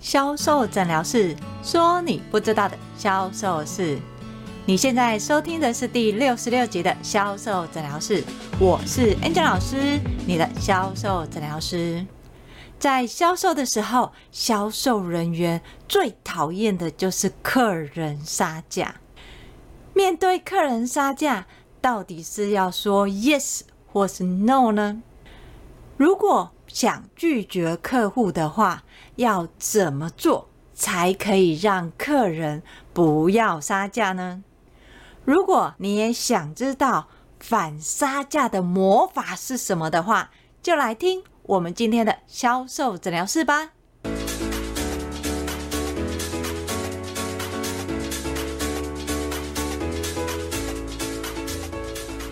銷售診療室說：“你不知道的銷售事。你現在收聽的是第六十六集的銷售診療室。我是 Angel 老師，你的銷售診療師。在銷售的時候，銷售人員最討厭的就是客人殺價。面對客人殺價，到底是要說 yes 或是 no 呢？如果想拒絕客戶的話。”要怎麼做才可以讓客人不要殺價呢？如果你也想知道反殺價的魔法是什麼的話，就來聽我們今天的銷售診療室吧。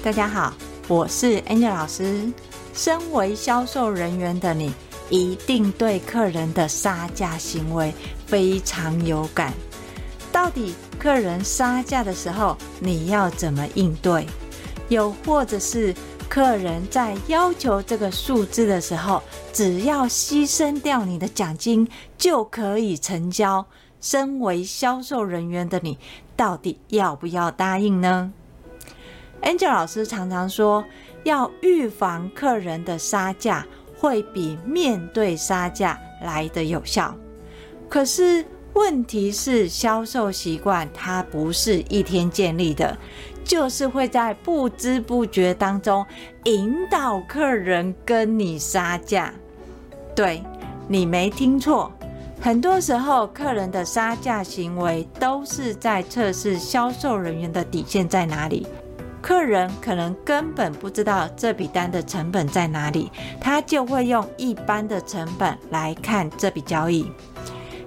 大家好，我是 Angela 老師，身為銷售人員的你。一定對客人的殺價行為非常有感。到底客人殺價的時候，你要怎麼應對？又或者是客人在要求這個數字的時候，只要犧牲掉你的獎金就可以成交。身為銷售人員的你，到底要不要答應呢？Angel 老師常常說，要預防客人的殺價。會比面對殺價來得有效，可是問題是銷售習慣它不是一天建立的，就是會在不知不覺當中引導客人跟你殺價。對，你沒聽錯，很多時候客人的殺價行為都是在測試銷售人員的底線在哪裡。客人可能根本不知道這筆單的成本在哪裡，他就會用一般的成本來看這筆交易。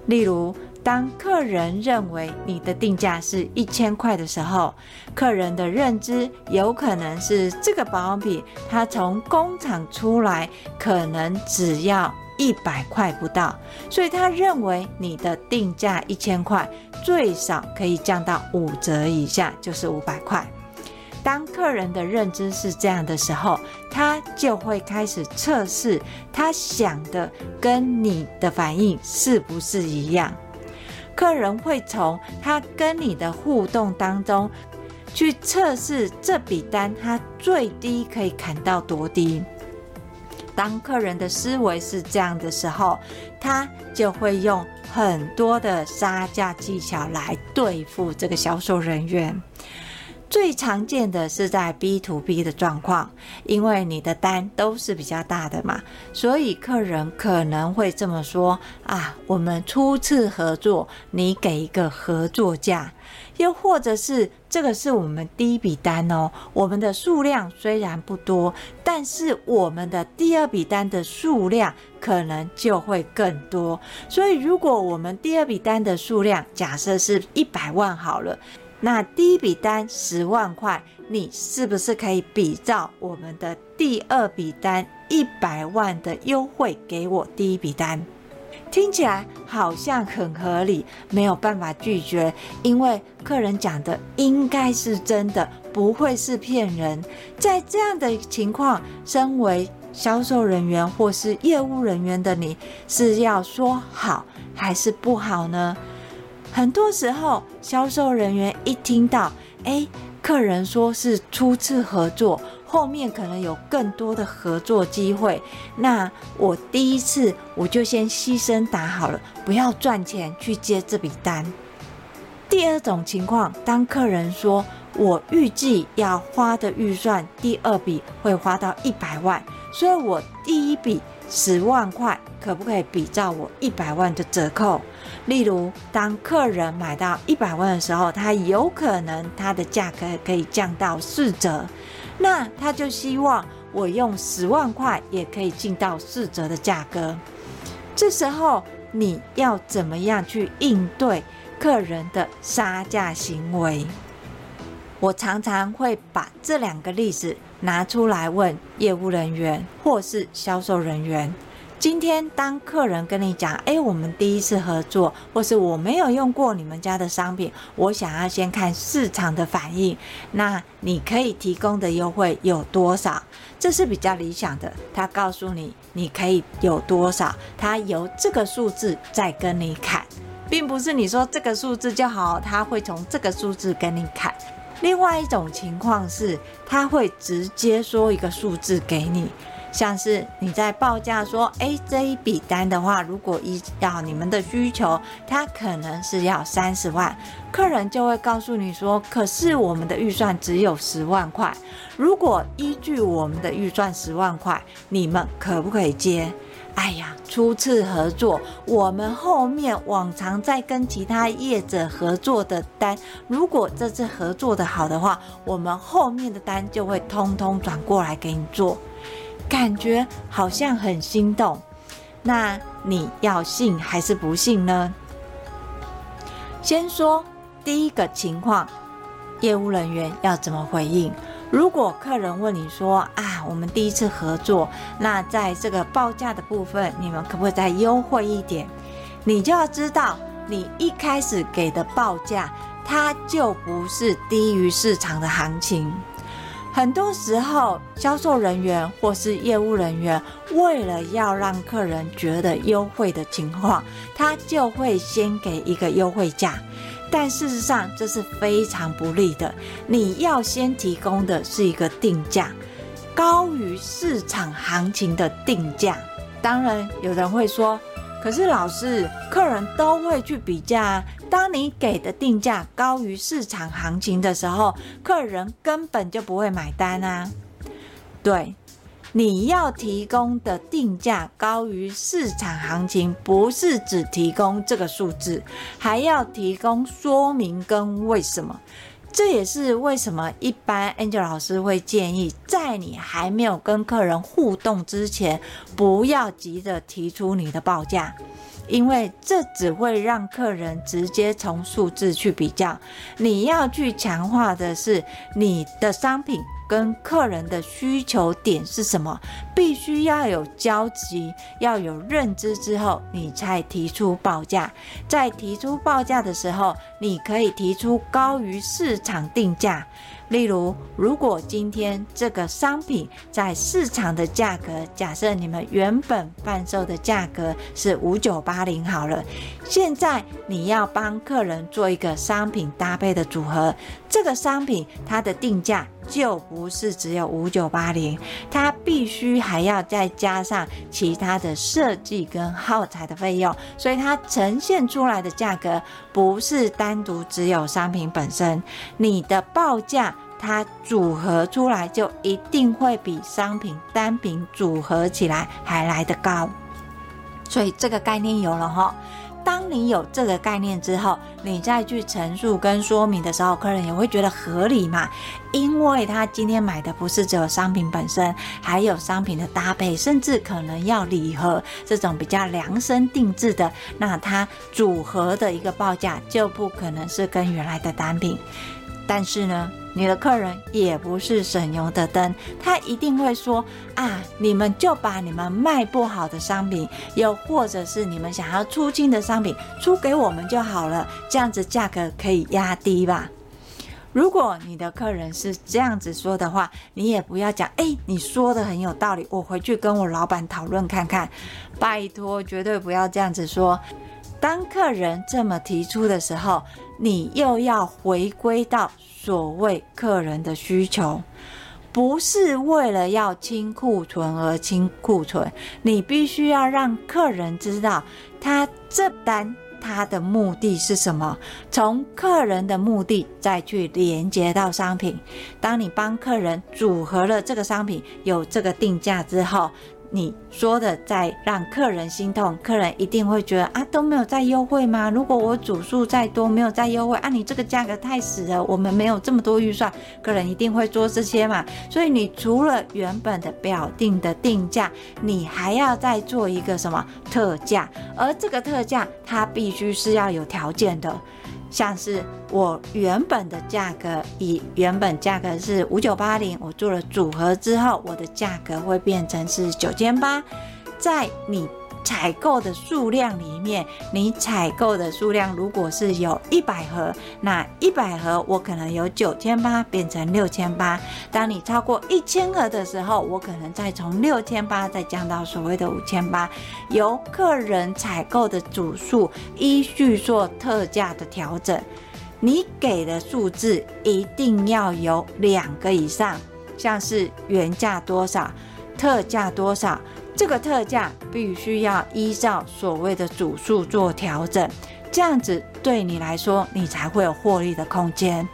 例如，當客人認為你的定價是一千塊的時候，客人的認知有可能是這個保養品他從工廠出來可能只要一百塊不到，所以他認為你的定價一千塊最少可以降到五折以下，就是五百塊。當客人的認知是這樣的時候，他就會開始測試他想的跟你的反應是不是一樣。客人會從他跟你的互動當中去測試這筆單他最低可以砍到多低。當客人的思維是這樣的時候，他就會用很多的殺價技巧來對付這個銷售人員。最常見的是在 B to B 的狀況，因為你的單都是比較大的嘛，所以客人可能會這麼說啊，我們初次合作，你給一個合作價，又或者是這個是我們第一筆單哦，我們的數量雖然不多，但是我們的第二筆單的數量可能就會更多，所以如果我們第二筆單的數量假設是一百萬好了。那第一筆單十萬塊，你是不是可以比照我們的第二筆單一百萬的優惠給我第一筆單？聽起來好像很合理，沒有辦法拒絕，因為客人講的應該是真的，不會是騙人。在這樣的情況，身為銷售人員或是業務人員的你，是要說好還是不好呢？很多時候，銷售人員一聽到誒、欸、客人說是初次合作，後面可能有更多的合作機會，那我第一次我就先犧牲打好了，不要賺錢去接這筆單。第二種情況，當客人說我預計要花的預算第二筆會花到一百萬，所以我第一筆。十萬塊可不可以比照我一百萬的折扣？例如，當客人買到一百萬的時候，他有可能他的價格可以降到四折，那他就希望我用十萬塊也可以進到四折的價格。這時候你要怎麼樣去應對客人的殺價行為？我常常會把這兩個例子。拿出來問業務人員或是銷售人員。今天當客人跟你講：“哎，我們第一次合作，或是我沒有用過你們家的商品，我想要先看市場的反應。”那你可以提供的優惠有多少？這是比較理想的。他告訴你你可以有多少，他由這個數字再跟你砍，並不是你說這個數字就好，他會從這個數字跟你砍。另外一種情況是，他會直接說一個數字給你，像是你在報價說欸，這一筆單的話，如果依照你們的需求，他可能是要三十萬，客人就會告訴你說，可是我們的預算只有十萬塊，如果依據我們的預算十萬塊，你們可不可以接？哎呀，初次合作，我們後面往常在跟其他業者合作的單，如果這次合作的好的話，我們後面的單就會通通轉過來給你做，感覺好像很心動。那你要信還是不信呢？先說第一個情況，業務人員要怎麼回應？如果客人問你說啊，我們第一次合作，那在這個報價的部分，你們可不可以再優惠一點？你就要知道，你一開始給的報價，它就不是低於市場的行情。很多時候，銷售人員或是業務人員，為了要讓客人覺得優惠的情況，他就會先給一個優惠價。但事實上，這是非常不利的。你要先提供的是一個定價高於市場行情的定價。當然，有人會說：“可是老師，客人都會去比價啊，當你給的定價高於市場行情的時候，客人根本就不會買單啊！”對。你要提供的定價高於市場行情，不是只提供這個數字，還要提供說明跟為什麼。這也是為什麼一般 Angel 老師會建議，在你還沒有跟客人互動之前，不要急着提出你的報價，因為這只會讓客人直接從數字去比較。你要去強化的是你的商品。跟客人的需求點是什麼？必須要有交集，要有認知之後，你才提出報價。在提出報價的時候，你可以提出高於市場定價。例如，如果今天這個商品在市場的價格，假設你們原本販售的價格是五九八零好了，現在你要幫客人做一個商品搭配的組合，這個商品它的定價。就不是只有五九八零，它必須還要再加上其他的設計跟耗材的費用，所以它呈現出來的價格不是單獨只有商品本身。你的報價它組合出來就一定會比商品單品組合起來還來得高，所以這個概念有了哈。當你有這個概念之後，你再去陳述跟說明的時候，客人也會覺得合理嘛，因為他今天買的不是只有商品本身，還有商品的搭配，甚至可能要禮盒這種比較量身定制的，那它組合的一個報價就不可能是跟原來的單品，但是呢。你的客人也不是省油的燈，他一定會說：“啊，你們就把你們賣不好的商品，又或者是你們想要出清的商品，出給我們就好了，這樣子價格可以壓低吧？”如果你的客人是這樣子說的話，你也不要講：“誒，你說的很有道理，我回去跟我老闆討論看看。”拜託，絕對不要這樣子說。當客人這麼提出的時候。你又要回歸到所謂客人的需求，不是為了要清庫存而清庫存，你必須要讓客人知道他這單，他的目的是什麼，從客人的目的再去連接到商品。當你幫客人組合了這個商品，有這個定價之後。你說的在讓客人心痛，客人一定會覺得啊，都沒有再優惠嗎？如果我組數再多沒有再優惠，啊。你這個價格太死了，我們沒有這麼多預算，客人一定會做這些嘛。所以你除了原本的表定的定價，你還要再做一個什麼特價？而這個特價它必須是要有條件的。像是我原本的價格，以原本價格是五九八零，我做了組合之後，我的價格會變成是九千八，在你，採購的數量裡面，你採購的數量如果是有一百盒，那一百盒我可能由九千八變成六千八。當你超過一千盒的時候，我可能再從六千八再降到所謂的五千八。由客人採購的組數依序做特價的調整。你給的數字一定要有兩個以上，像是原價多少，特價多少。這個特價必須要依照所謂的組數做調整，這樣子對你來說，你才會有獲利的空間。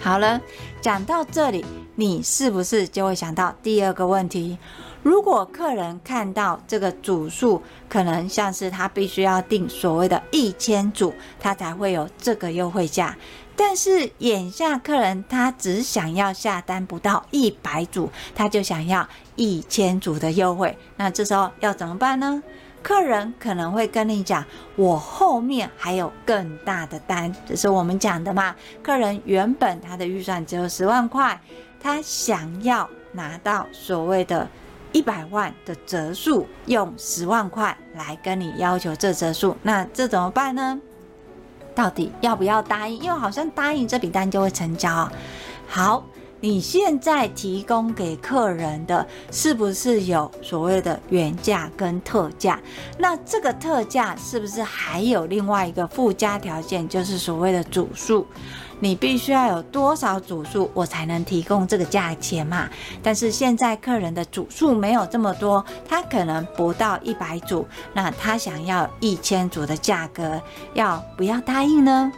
好了，講到這裡，你是不是就會想到第二個問題？如果客人看到這個組數，可能像是他必須要訂所謂的一千組，他才會有這個優惠價。但是眼下客人他只想要下單不到一百組，他就想要一千組的優惠。那這時候要怎麼辦呢？客人可能會跟你講：“我後面還有更大的單”，這是我們講的嘛。客人原本他的預算只有十萬塊，他想要拿到所謂的一百萬的折數，用十萬塊來跟你要求這折數，那這怎麼辦呢？到底要不要答應？因為好像答應這筆單就會成交。哦、好，你現在提供給客人的是不是有所謂的原價跟特價？那這個特價是不是還有另外一個附加條件，就是所謂的組數？你必須要有多少組數，我才能提供這個價錢嘛？但是現在客人的組數沒有這麼多，他可能不到一百組，那他想要一千組的價格，要不要答應呢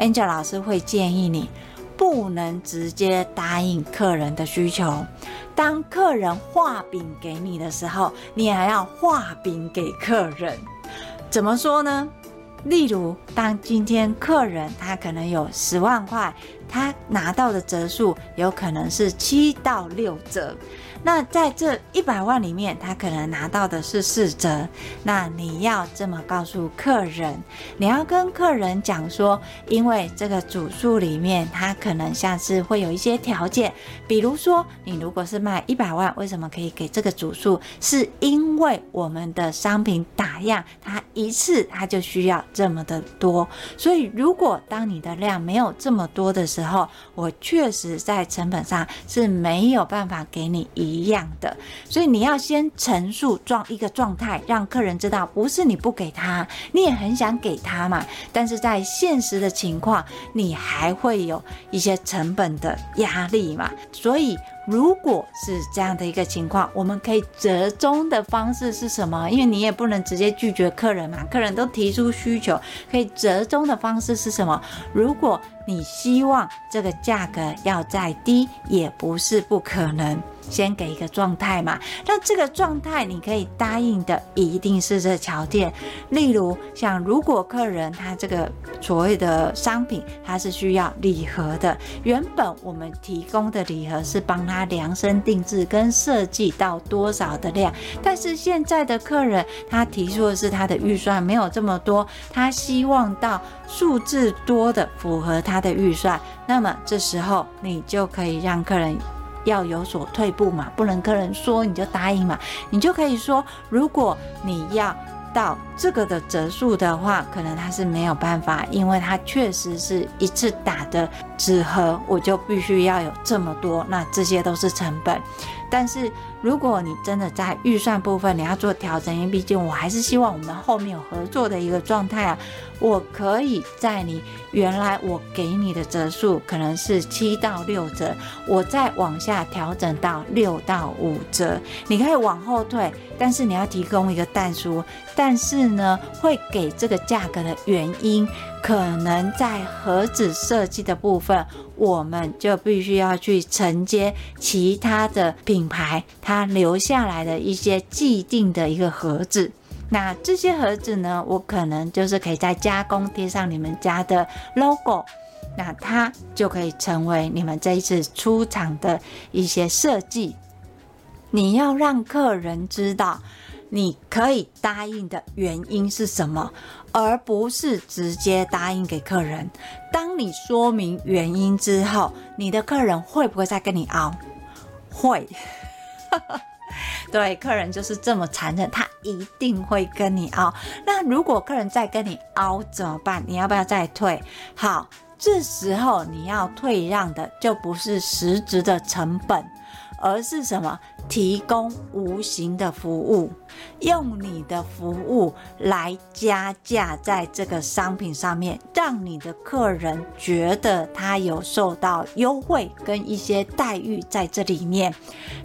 ？Angel 老師會建議你，不能直接答應客人的需求。當客人畫餅給你的時候，你還要畫餅給客人。怎麼說呢？例如，當今天客人他可能有十萬塊，他拿到的折數有可能是七到六折。那在這一百萬裡面，他可能拿到的是四折。那你要這麼告訴客人，你要跟客人講說，因為這個主數裡面，他可能像是會有一些條件，比如說你如果是賣一百萬，為什麼可以給這個主數？是因為我們的商品打樣，它一次它就需要這麼的多。所以如果當你的量沒有這麼多的時候，我確實在成本上是沒有辦法給你一。一樣的，所以你要先陳述狀一個狀態，讓客人知道不是你不給他，你也很想給他嘛。但是在現實的情況，你還會有一些成本的壓力嘛。所以如果是這樣的一個情況，我們可以折中的方式是什麼？因為你也不能直接拒絕客人嘛，客人都提出需求，可以折中的方式是什麼？如果你希望這個價格要再低也不是不可能，先給一個狀態嘛。那這個狀態你可以答應的一定是這條件，例如像如果客人他這個所謂的商品他是需要禮盒的，原本我們提供的禮盒是幫他量身定制跟設計到多少的量，但是現在的客人他提出的是他的預算沒有這麼多，他希望到數字多的符合他。他的預算，那麼這時候你就可以讓客人要有所退步嘛，不能客人說你就答應嘛，你就可以說，如果你要到。這個的折數的話，可能它是沒有辦法，因為它確實是一次打的紙盒，我就必須要有這麼多，那這些都是成本。但是如果你真的在預算部分你要做調整，因為畢竟我還是希望我們後面有合作的一個狀態啊，我可以在你原來我給你的折數可能是七到六折，我再往下調整到六到五折，你可以往後退，但是你要提供一個但書，但是。呢，會給這個價格的原因，可能在盒子設計的部分，我們就必須要去承接其他的品牌，它留下來的一些既定的一個盒子。那這些盒子呢，我可能就是可以再加工貼上你們家的 logo，那它就可以成為你們這一次出廠的一些設計。你要讓客人知道。你可以答應的原因是什麼，而不是直接答應給客人。當你說明原因之後，你的客人會不會再跟你拗？會， 對，客人就是這麼殘忍，他一定會跟你拗。那如果客人再跟你拗怎麼辦？你要不要再退？好，這時候你要退讓的就不是實質的成本，而是什麼？提供無形的服務。用你的服務來加價在這個商品上面，讓你的客人覺得他有受到優惠跟一些待遇在這裡面。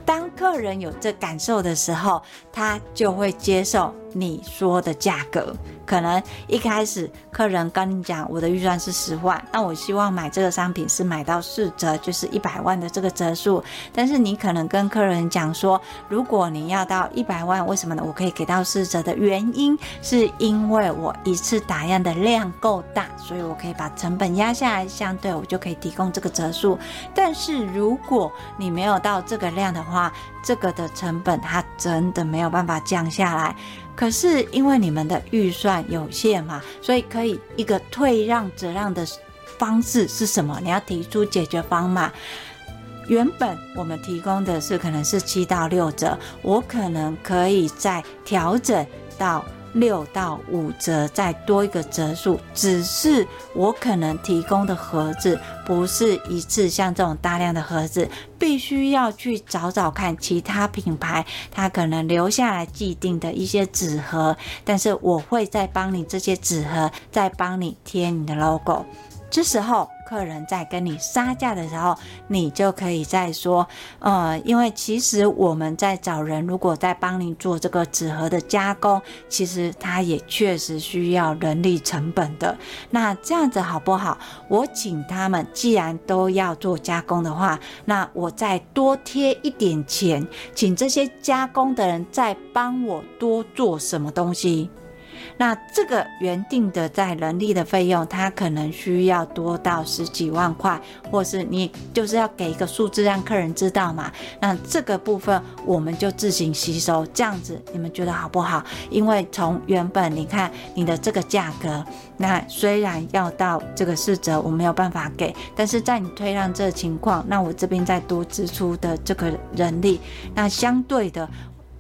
當客人有這感受的時候，他就會接受你說的價格。可能一開始客人跟你講，我的預算是十萬，那我希望買這個商品是買到四折，就是一百萬的這個折數。但是你可能跟客人講說，如果你要到一百萬，為什麼呢？我可以給到四折的原因，是因為我一次打樣的量夠大，所以我可以把成本壓下來，相對我就可以提供這個折數。但是如果你沒有到這個量的話，這個的成本它真的沒有辦法降下來。可是因為你們的預算有限嘛，所以可以一個退讓折讓的方式是什麼？你要提出解決方案。原本我們提供的是可能是七到六折，我可能可以再調整到六到五折，再多一個折數。只是我可能提供的盒子不是一次像這種大量的盒子，必須要去找找看其他品牌，它可能留下來既定的一些紙盒。但是我會再幫你這些紙盒，再幫你貼你的 logo。這時候。客人在跟你殺價的時候，你就可以再說，呃，因為其實我們在找人，如果在幫您做這個紙盒的加工，其實它也確實需要人力成本的。那這樣子好不好？我請他們，既然都要做加工的話，那我再多貼一點錢，請這些加工的人再幫我多做什麼東西。那這個原定的在人力的費用，它可能需要多到十幾萬塊，或是你就是要給一個數字讓客人知道嘛。那這個部分我們就自行吸收，這樣子你們覺得好不好？因為從原本你看你的這個價格，那雖然要到這個四折我沒有辦法給，但是在你退讓這個情況，那我這邊再多支出的這個人力，那相對的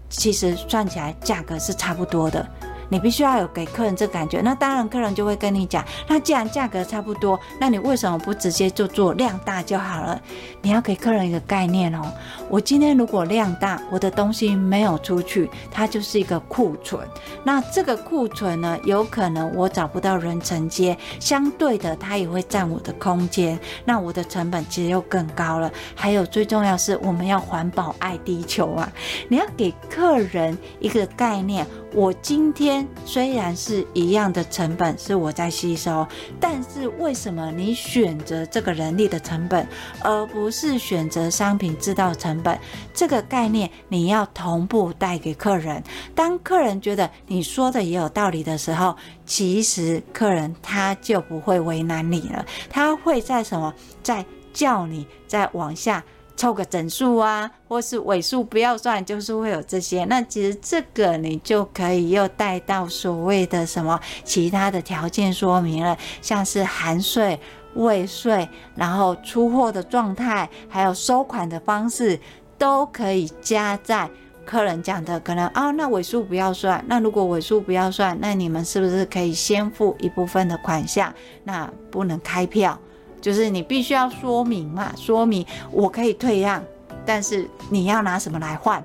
其實算起來價格是差不多的。你必須要有給客人這感覺，那當然客人就會跟你講，那既然價格差不多，那你為什麼不直接就做量大就好了？你要給客人一個概念哦、喔，我今天如果量大，我的東西沒有出去，它就是一個庫存。那這個庫存呢，有可能我找不到人承接，相對的它也會佔我的空間，那我的成本其實又更高了。還有最重要的是，我們要環保愛地球啊，你要給客人一個概念。我今天雖然是一樣的成本是我在吸收，但是為什麼你選擇這個人力的成本，而不是選擇商品製造成本？這個概念你要同步帶給客人，當客人覺得你說的也有道理的時候，其實客人他就不會為難你了，他會在什麼，在叫你，再往下。湊個整數啊，或是尾數不要算，就是會有這些。那其實這個你就可以又帶到所謂的什麼其他的條件說明了，像是含稅、未稅，然後出貨的狀態，還有收款的方式，都可以加在客人講的可能啊、哦。那尾數不要算，那如果尾數不要算，那你們是不是可以先付一部分的款項？那不能開票。就是你必須要說明嘛，說明我可以退讓，但是你要拿什麼來換？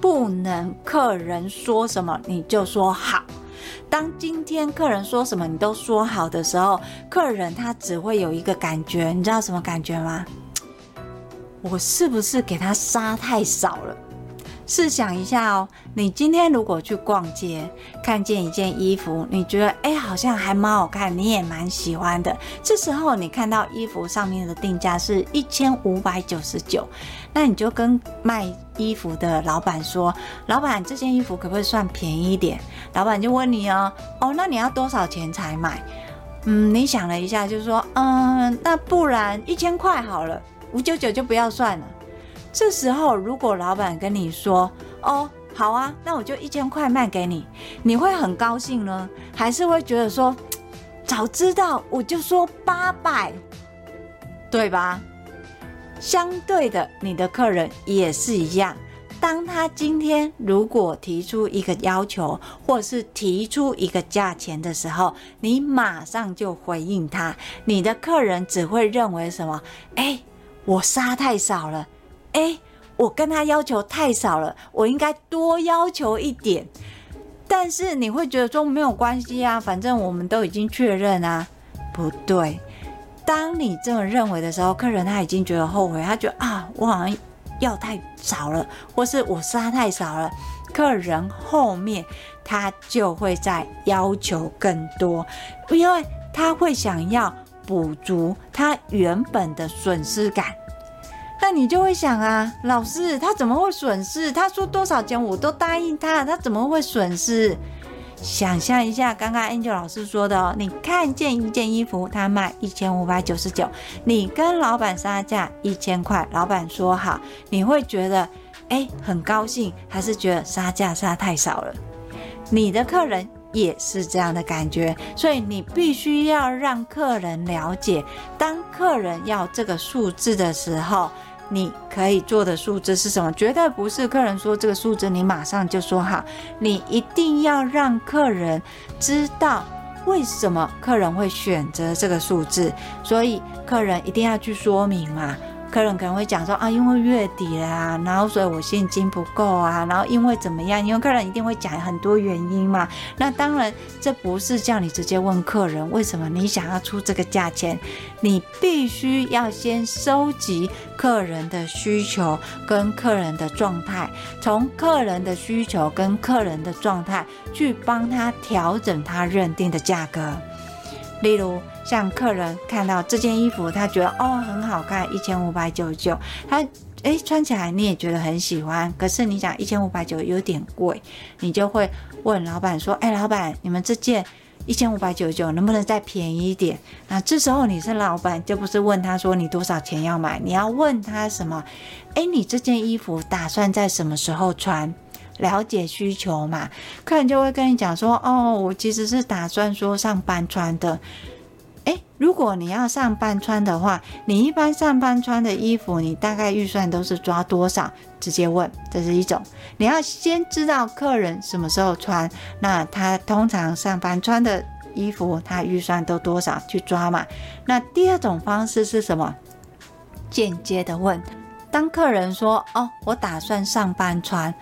不能客人說什麼你就說好。當今天客人說什麼你都說好的時候，客人他只會有一個感覺，你知道什麼感覺嗎？我是不是給他殺太少了？試想一下哦，你今天如果去逛街，看見一件衣服，你覺得哎、欸，好像還蠻好看，你也蠻喜歡的。這時候你看到衣服上面的定價是一千五百九十九，那你就跟賣衣服的老板說：“老板，這件衣服可不可以算便宜一點？”老板就問你哦，“哦，那你要多少錢才買？”嗯，你想了一下，就說：“嗯，那不然一千塊好了，五九九就不要算了。”這時候，如果老板跟你說：“哦，好啊，那我就一千塊賣給你。”你會很高興呢？還是會覺得說：“早知道我就說八百，對吧？”相對的，你的客人也是一樣。當他今天如果提出一個要求，或是提出一個價錢的時候，你馬上就回應他，你的客人只會認為什麼？哎，我殺太少了。哎、欸，我跟他要求太少了，我應該多要求一點。但是你會覺得說沒有關係啊，反正我們都已經確認啊。不對，當你這麼認為的時候，客人他已經覺得後悔，他覺得啊，我好像要太少了，或是我殺太少了。客人後面他就會再要求更多，因為他會想要補足他原本的損失感。但你就會想啊，老師他怎麼會損失？他說多少錢我都答應他，他怎麼會損失？想象一下，剛剛 Angel 老師說的哦，你看見一件衣服，他賣一千五百九十九，你跟老板殺價一千塊，老板說好，你會覺得哎很高興，還是覺得殺價殺太少了？你的客人也是這樣的感覺，所以你必須要讓客人了解，當客人要這個數字的時候。你可以做的數字是什麼？絕對不是客人說這個數字，你馬上就說好。你一定要讓客人知道為什麼客人會選擇這個數字，所以客人一定要去說明嘛。客人可能會講說啊，因為月底了啊，然後所以我現金不夠啊，然後因為怎麼樣？因為客人一定會講很多原因嘛。那當然，這不是叫你直接問客人為什麼你想要出這個價錢，你必須要先收集客人的需求跟客人的狀態，從客人的需求跟客人的狀態去幫他調整他認定的價格。例如，像客人看到這件衣服，他覺得哦很好看，一千五百九十九，他、欸、哎，穿起來你也覺得很喜歡，可是你講一千五百九有點貴，你就會問老闆說，哎、欸、老闆，你們這件一千五百九十九能不能再便宜一點？那這時候你是老闆，就不是問他說你多少錢要買，你要問他什麼？哎、欸、你這件衣服打算在什麼時候穿？了解需求嘛，客人就會跟你講說，哦，我其實是打算說上班穿的。誒、欸，如果你要上班穿的話，你一般上班穿的衣服，你大概預算都是抓多少？直接問，這是一種。你要先知道客人什麼時候穿，那他通常上班穿的衣服，他預算都多少去抓嘛？那第二種方式是什麼？間接的問，當客人說，哦，我打算上班穿。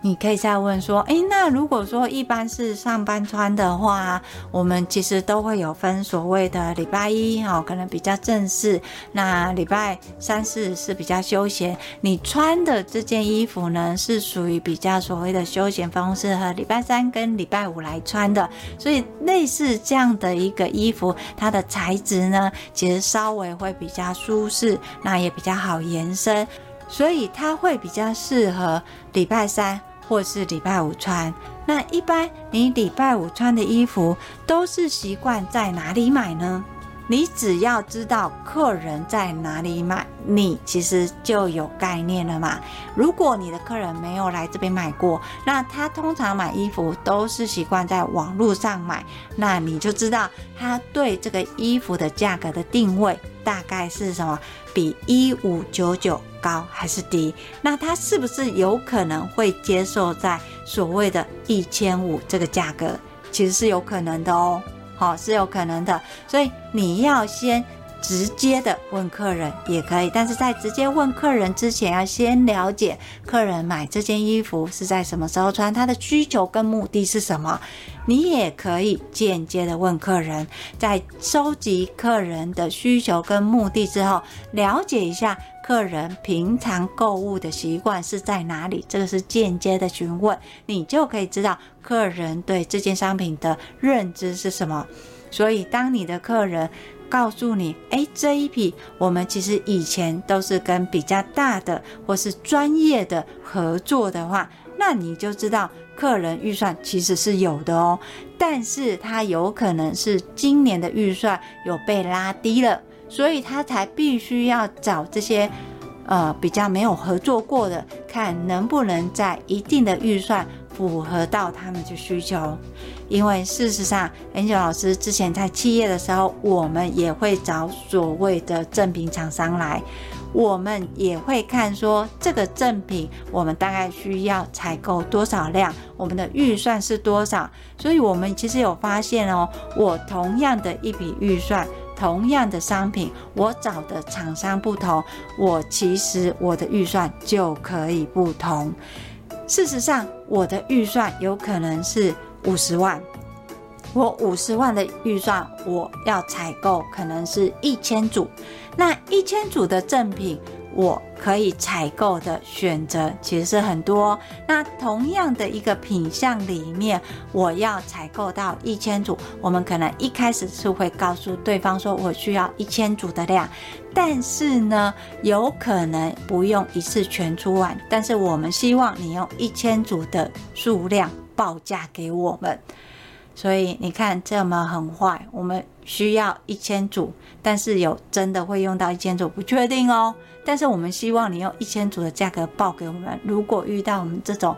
你可以再問說，誒，那如果說一般是上班穿的話，我們其實都會有分所謂的禮拜一哈、哦，可能比較正式；那禮拜三四是比較休閒。你穿的這件衣服呢，是屬於比較所謂的休閒方式，和禮拜三跟禮拜五來穿的。所以類似這樣的一個衣服，它的材質呢，其實稍微會比較舒適，那也比較好延伸，所以它會比較適合禮拜三，或是禮拜五穿，那一般你禮拜五穿的衣服都是習慣在哪裡買呢？你只要知道客人在哪裡買，你其實就有概念了嘛。如果你的客人沒有來這邊買過，那他通常買衣服都是習慣在網絡上買，那你就知道他對這個衣服的價格的定位大概是什麼，比1599。高還是低？那他是不是有可能會接受在所謂的一千五這個價格？其實是有可能的哦，好，哦，是有可能的。所以你要先直接的問客人也可以，但是在直接問客人之前，要先了解客人買這件衣服是在什麼時候穿，他的需求跟目的是什麼。你也可以間接的問客人，在收集客人的需求跟目的之後，了解一下。客人平常購物的習慣是在哪裡？這個是間接的詢問，你就可以知道客人對這件商品的認知是什麼。所以，當你的客人告訴你：“哎，這一批我們其實以前都是跟比較大的或是專業的合作的話”，那你就知道客人預算其實是有的哦，但是他有可能是今年的預算有被拉低了。所以他才必須要找這些，呃，比較沒有合作過的，看能不能在一定的預算符合到他們的需求。因為事實上，Angel 老師之前在企業的時候，我們也會找所謂的正品廠商來，我們也會看說這個正品我們大概需要採購多少量，我們的預算是多少。所以我們其實有發現哦、喔，我同樣的一筆預算。同樣的商品，我找的廠商不同，我其實我的預算就可以不同。事實上，我的預算有可能是五十萬，我五十萬的預算，我要採購可能是一千組，那一千組的贈品。我可以採購的選擇其實是很多哦。那同樣的一個品項裡面，我要採購到一千組，我們可能一開始是會告訴對方說，我需要一千組的量。但是呢，有可能不用一次全出完。但是我們希望你用一千組的數量報價給我們。所以你看，這麼很壞，我們需要一千組，但是有真的會用到一千組，不確定哦。但是我們希望你用一千組的價格報給我們。如果遇到我們這種，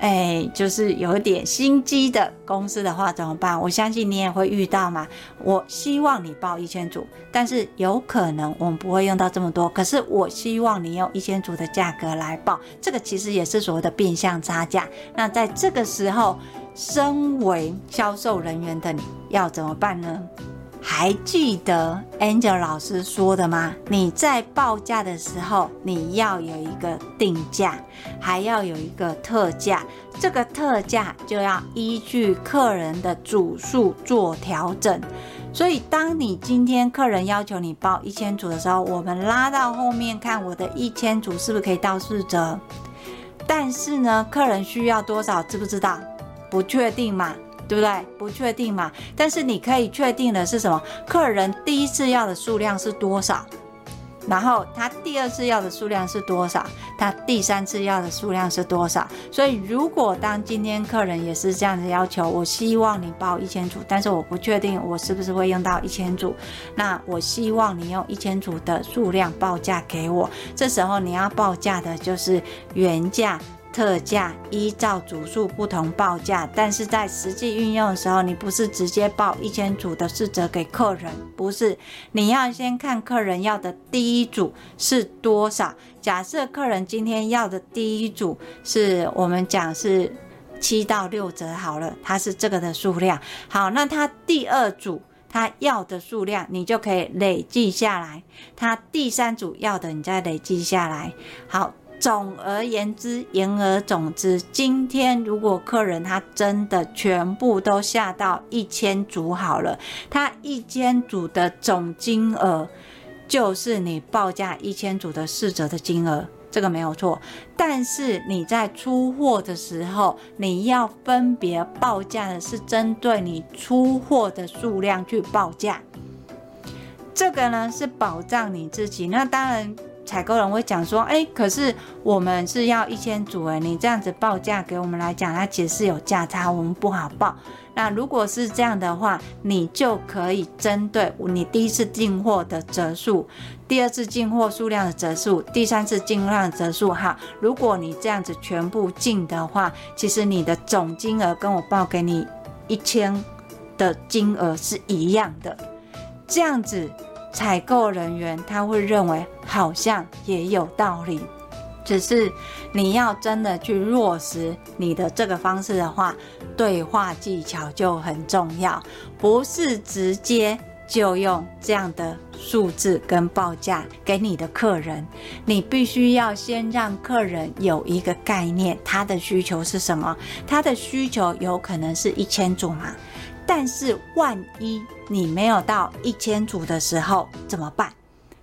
誒、哎，就是有點心機的公司的話，怎麼辦？我相信你也會遇到嘛。我希望你報一千組，但是有可能我們不會用到這麼多。可是我希望你用一千組的價格來報，這個其實也是所謂的變相差價。那在這個時候，身為銷售人員的你要怎麼辦呢？還記得 Angel 老師說的嗎？你在報價的時候，你要有一個定價，還要有一個特價。這個特價就要依據客人的組數做調整。所以，當你今天客人要求你報一千組的時候，我們拉到後面看我的一千組是不是可以到四折？但是呢，客人需要多少，知不知道？不確定嘛。對不對？不確定嘛，但是你可以確定的是什麼？客人第一次要的數量是多少，然後他第二次要的數量是多少，他第三次要的數量是多少。所以，如果當今天客人也是這樣子要求，我希望你報一千組，但是我不確定我是不是會用到一千組，那我希望你用一千組的數量報價給我。這時候你要報價的就是原價。特價依照組數不同報價，但是在實際運用的時候，你不是直接報一千組的四折給客人，不是，你要先看客人要的第一組是多少。假設客人今天要的第一組是我們講是七到六折好了，它是這個的數量。好，那它第二組它要的數量，你就可以累計下來。它第三組要的你再累計下來。好。總而言之，言而總之，今天如果客人他真的全部都下到一千組好了，他一千組的總金額就是你報價一千組的四折的金額，這個沒有錯。但是你在出貨的時候，你要分別報價的是針對你出貨的數量去報價，這個呢是保障你自己。那當然。採購人會講說：“誒、欸，可是我們是要一千組誒、欸，你這樣子報價給我們來講，它其實是有價差，我們不好報。那如果是這樣的話，你就可以針對你第一次進貨的折數，第二次進貨數量的折數，第三次進量的折數哈。如果你這樣子全部進的話，其實你的總金額跟我報給你一千的金額是一樣的，這樣子。”採購人員他會認為好像也有道理，只是你要真的去落實你的這個方式的話，對話技巧就很重要。不是直接就用這樣的數字跟報價給你的客人，你必須要先讓客人有一個概念，他的需求是什麼？他的需求有可能是一千組嗎？但是，萬一你沒有到一千組的時候怎麼辦？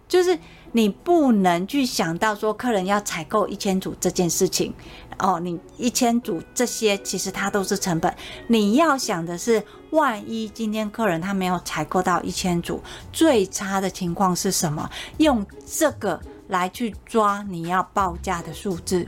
就是你不能去想到說客人要採購一千組這件事情哦。你一千組這些其實它都是成本，你要想的是，萬一今天客人他沒有採購到一千組，最差的情況是什麼？用這個來去抓你要報價的數字，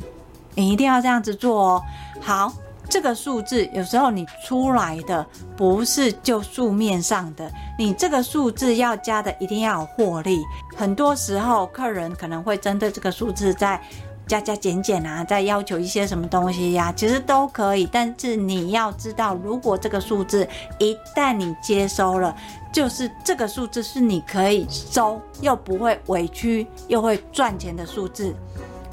你一定要這樣子做哦。好。這個數字有時候你出來的不是就書面上的，你這個數字要加的一定要有獲利。很多時候客人可能會針對這個數字再加加減減啊，再要求一些什麼東西呀、啊,其實都可以。但是你要知道，如果這個數字一旦你接收了，就是這個數字是你可以收又不會委屈又會賺錢的數字。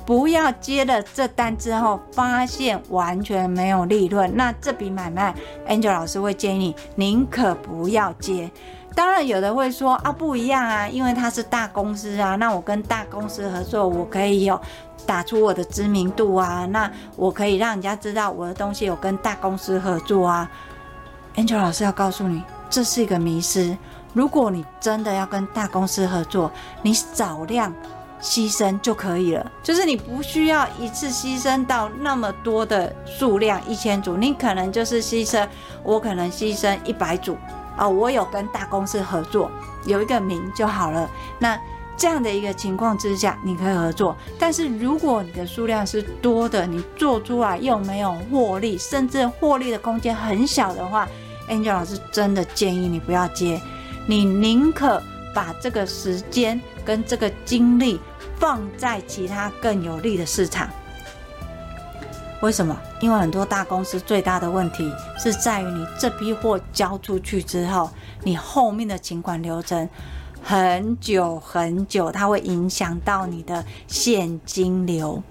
不要接了這單之後，發現完全沒有利潤，那這筆買賣，Angel 老師會建議你寧可不要接。當然，有的會說啊，不一樣啊，因為他是大公司啊，那我跟大公司合作，我可以有打出我的知名度啊，那我可以讓人家知道我的東西有跟大公司合作啊。Angel 老師要告訴你，這是一個迷思。如果你真的要跟大公司合作，你少量。犧牲就可以了，就是你不需要一次犧牲到那麼多的數量，一千組，你可能就是犧牲，我可能犧牲一百組，哦，我有跟大公司合作，有一個名就好了。那這樣的一個情況之下，你可以合作。但是如果你的數量是多的，你做出來又沒有獲利，甚至獲利的空間很小的話，Angel 老師真的建議你不要接，你寧可把這個時間跟這個精力，放在其他更有利的市場，為什麼？因為很多大公司最大的問題是在於你這批貨交出去之後，你後面的請款流程很久很久，它會影響到你的現金流。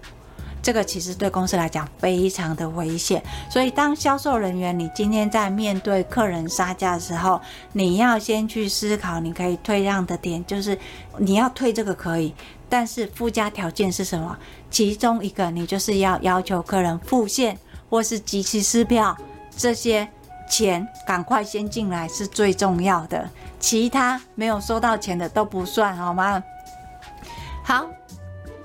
這個其實對公司來講非常的危險。所以，當銷售人員你今天在面對客人殺價的時候，你要先去思考你可以退讓的點，就是你要退這個可以。但是附加條件是什麼？其中一個你就是要要求客人付現，或是即期支票，這些錢趕快先進來是最重要的。其他沒有收到錢的都不算，好嗎？好，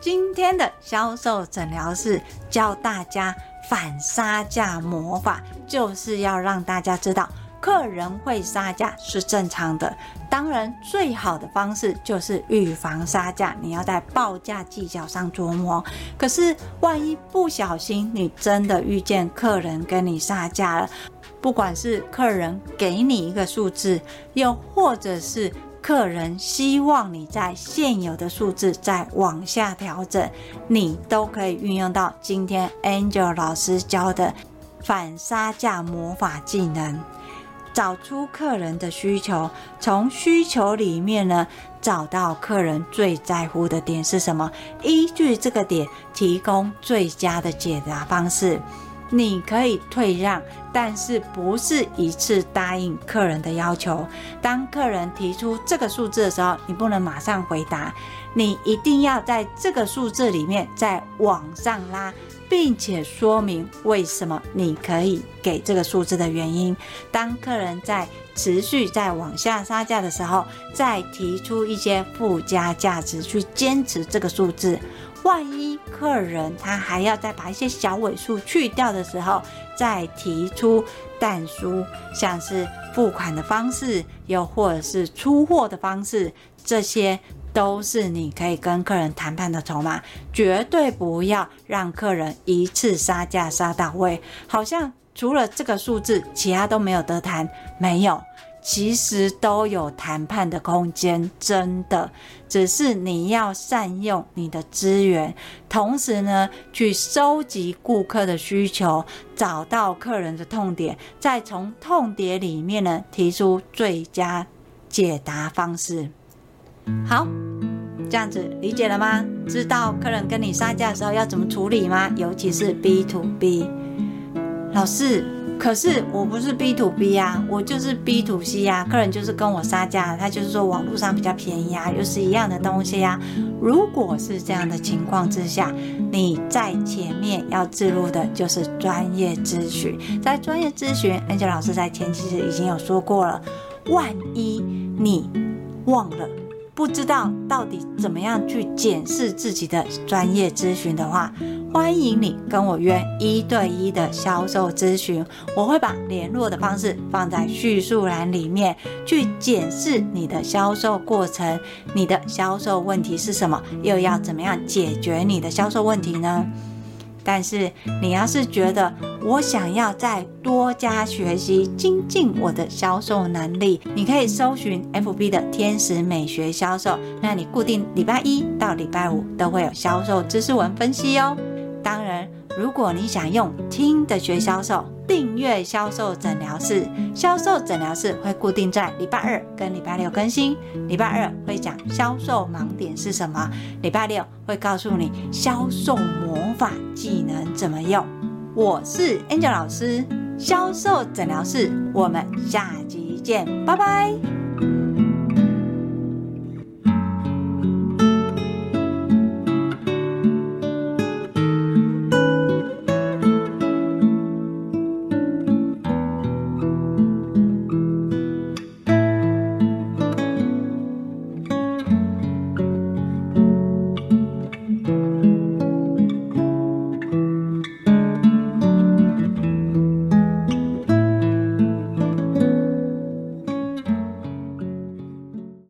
今天的銷售診療室教大家反殺價魔法，就是要讓大家知道。客人會殺價是正常的，當然最好的方式就是預防殺價，你要在報價技巧上琢磨。可是萬一不小心，你真的遇見客人跟你殺價了，不管是客人給你一個數字，又或者是客人希望你在現有的數字再往下調整，你都可以運用到今天 Angel 老師教的反殺價魔法技能。找出客人的需求，從需求裡面呢，找到客人最在乎的點是什麼？依據這個點提供最佳的解答方式。你可以退讓，但是不是一次答應客人的要求。當客人提出這個數字的時候，你不能馬上回答，你一定要在這個數字裡面再往上拉。並且說明為什麼你可以給這個數字的原因。當客人在持續在往下殺價的時候，再提出一些附加價值去堅持這個數字。萬一客人他還要再把一些小尾數去掉的時候，再提出但書，像是付款的方式，又或者是出貨的方式這些，都是你可以跟客人談判的籌碼，絕對不要讓客人一次殺價殺到位，好像除了這個數字，其他都沒有得談。沒有，其實都有談判的空間，真的，只是你要善用你的資源，同時呢，去收集顧客的需求，找到客人的痛點，再從痛點裡面呢，提出最佳解答方式。好，這樣子理解了嗎？知道客人跟你殺價的時候要怎麼處理嗎？尤其是 B to B，老師，可是我不是 B to B 呀、啊，我就是 B to C 呀、啊，客人就是跟我殺價，他就是說網絡上比較便宜呀、啊，又是一樣的東西呀、啊。如果是這樣的情況之下，你在前面要置入的就是專業諮詢，在專業諮詢，Angel 老師在前期時已經有說過了，萬一你忘了。不知道到底怎麼樣去檢視自己的專業諮詢的話，歡迎你跟我約一對一的銷售諮詢，我會把聯絡的方式放在敘述欄裡面，去檢視你的銷售過程，你的銷售問題是什麼，又要怎麼樣解決你的銷售問題呢？但是你要是覺得，我想要再多加學習、精進我的銷售能力，你可以搜尋 FB 的天使美學銷售，那你固定禮拜一到禮拜五都會有銷售知識文分析哦。當然，如果你想用聽的學銷售。訂閱銷售診療室，銷售診療室會固定在禮拜二跟禮拜六更新。禮拜二會講銷售盲點是什麼，禮拜六會告訴你銷售魔法技能怎麼用。我是 Angel 老師，銷售診療室，我們下集見，拜拜。